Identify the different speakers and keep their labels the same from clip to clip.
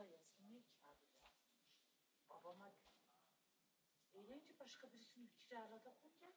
Speaker 1: hikayesini çaldılar. Babama dedim ki başka birisini kiralada koyacağım.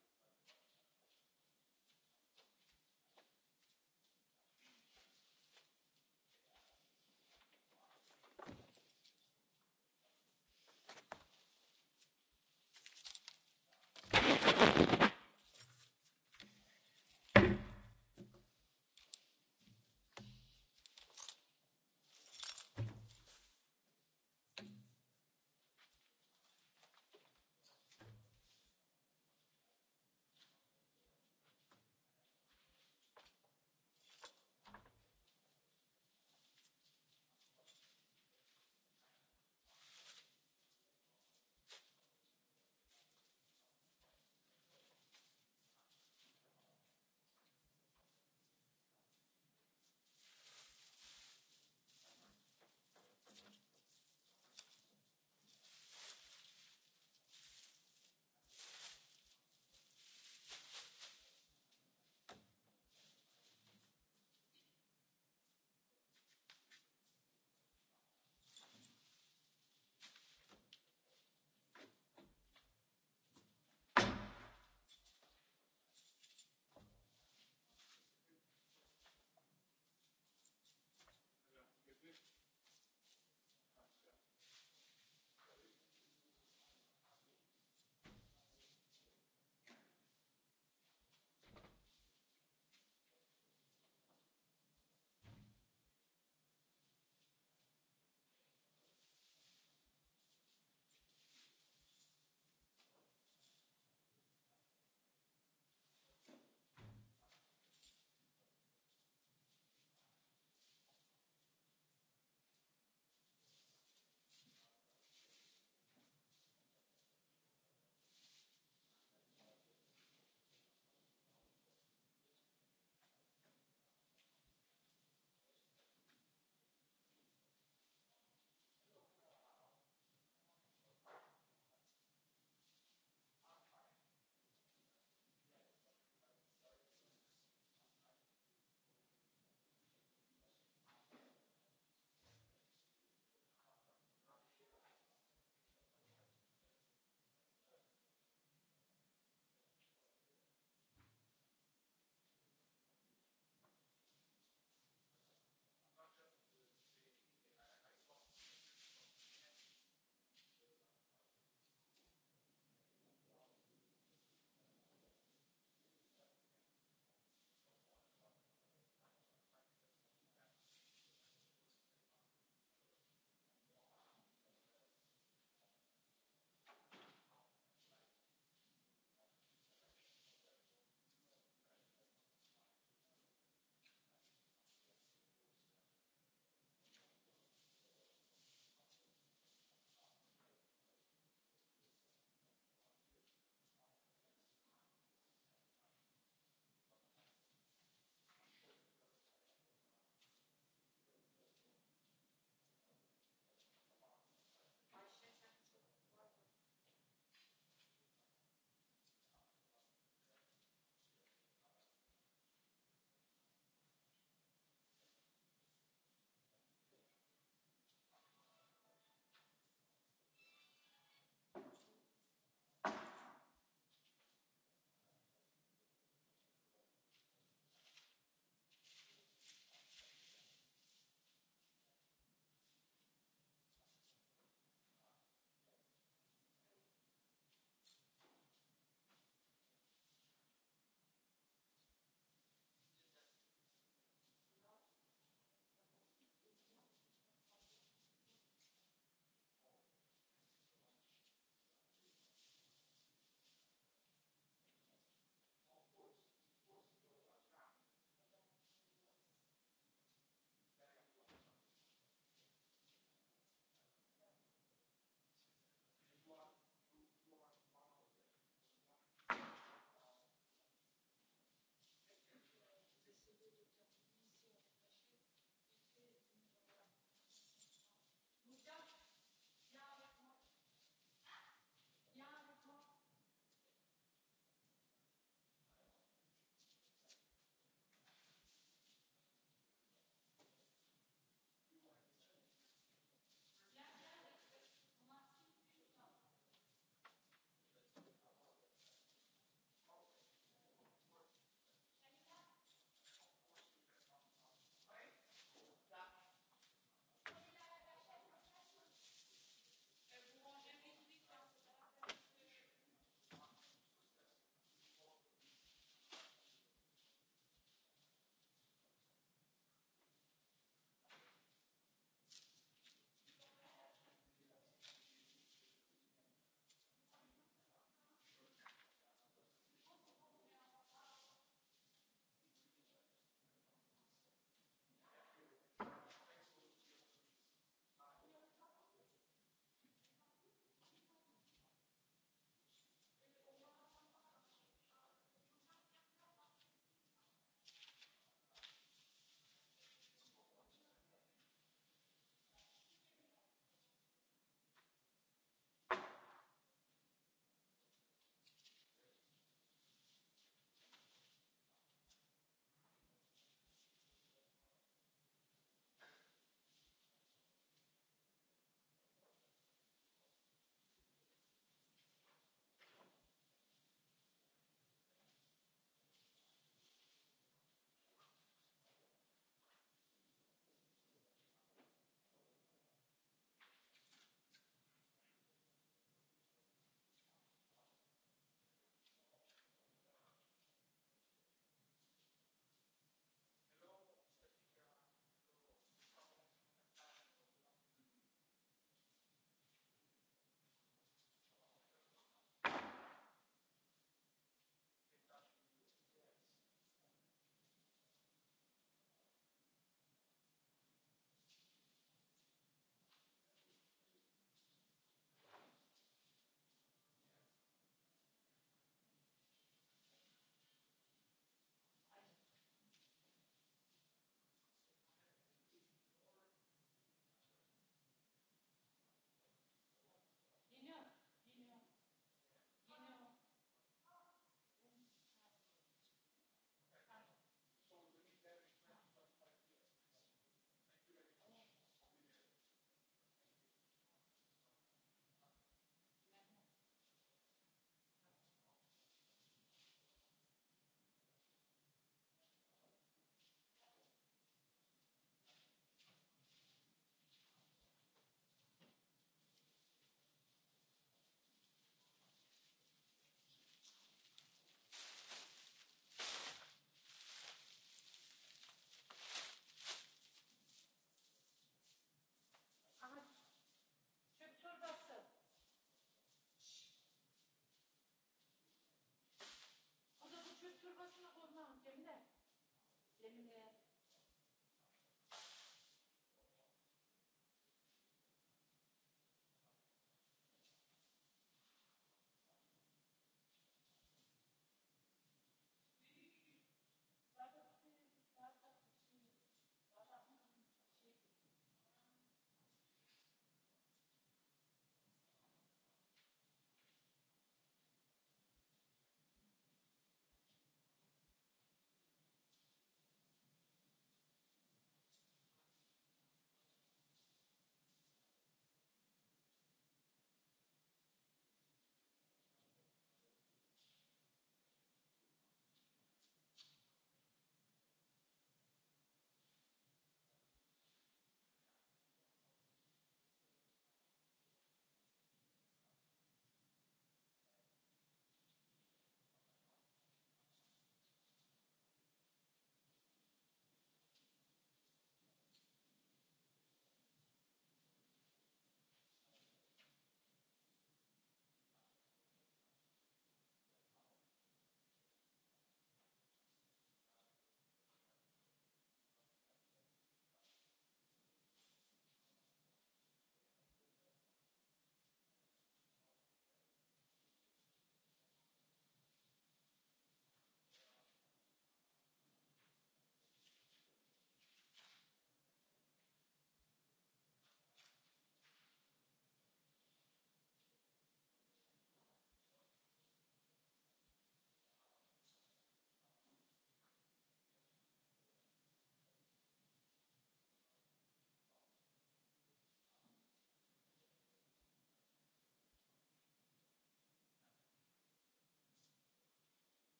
Speaker 1: in the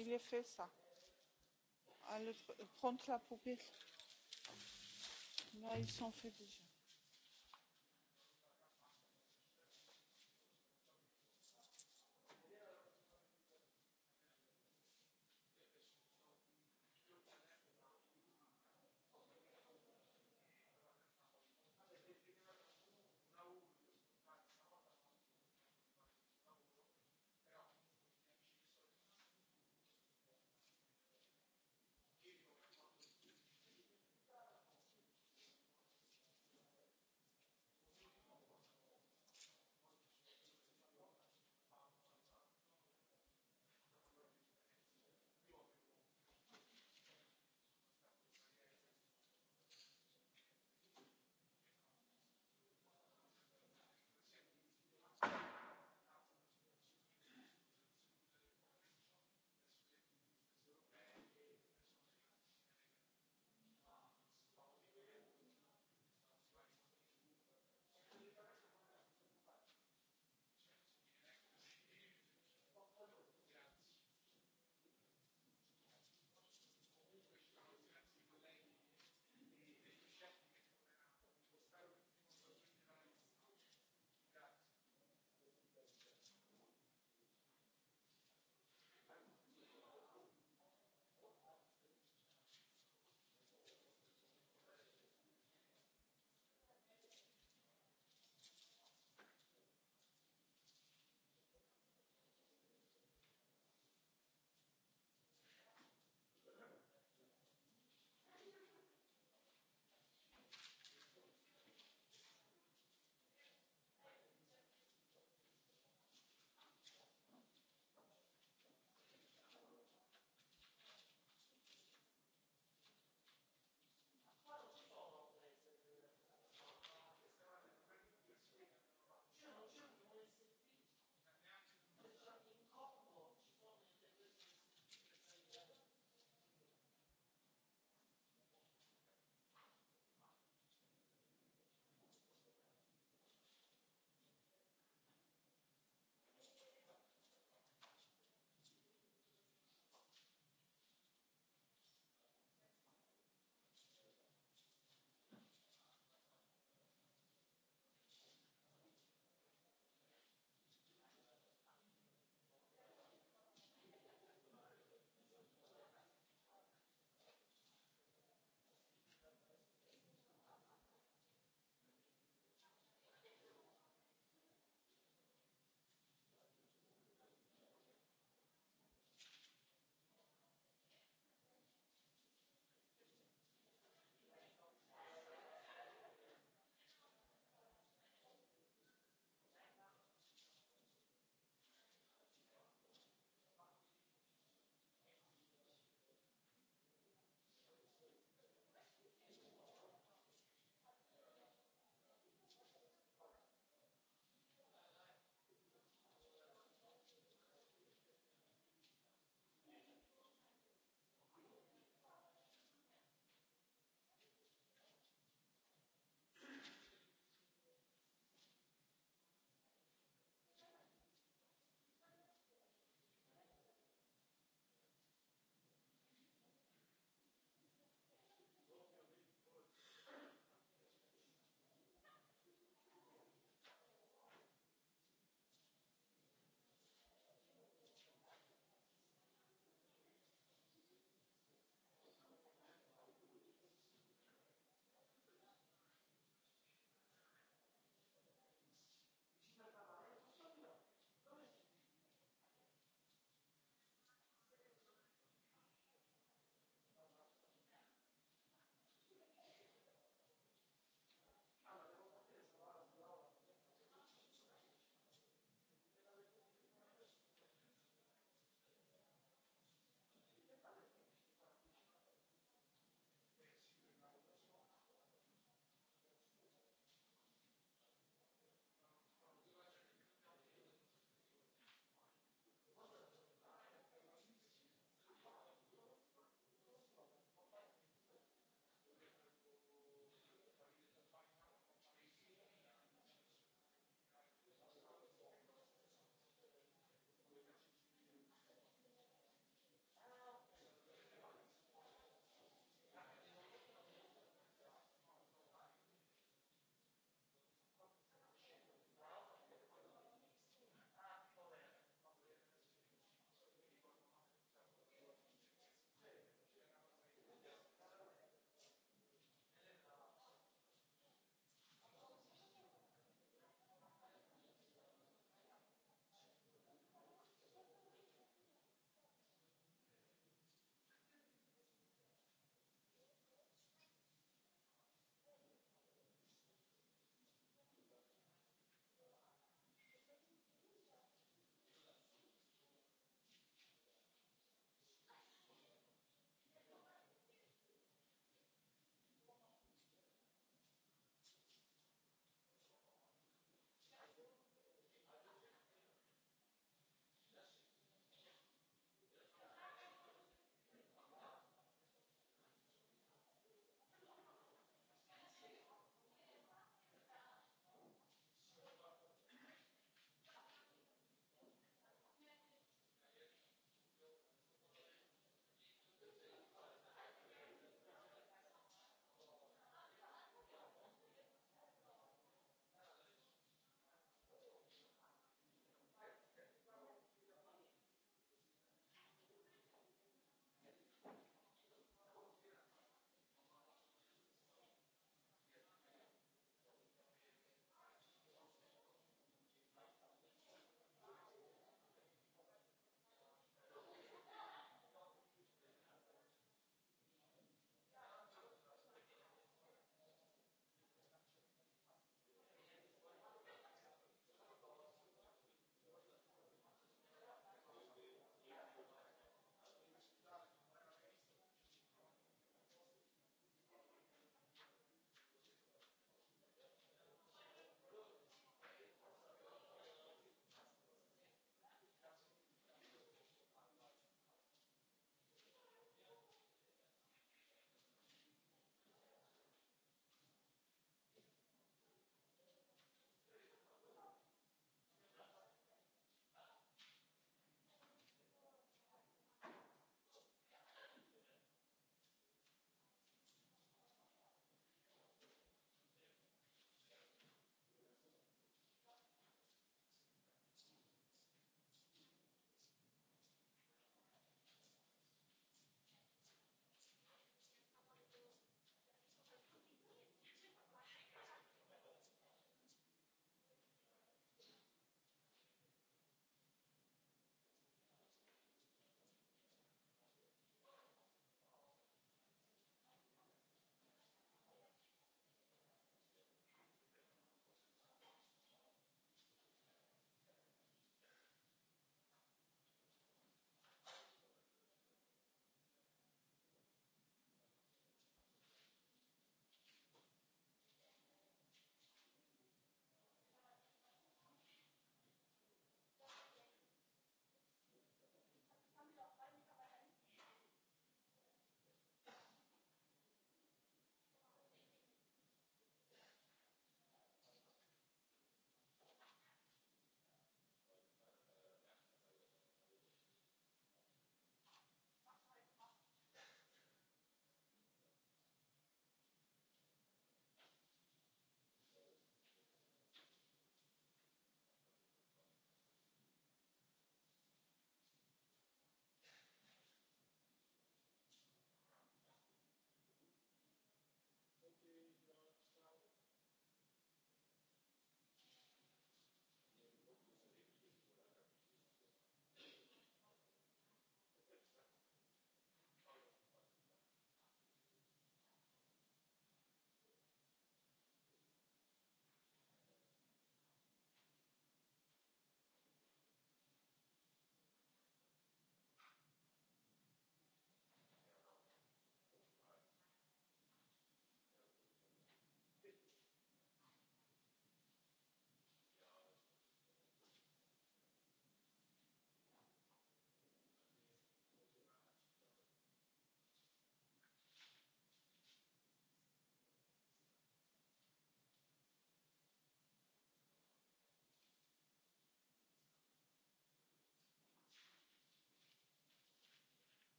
Speaker 1: il est fait ça. le Prendre la poubelle. Là, ils sont faits déjà.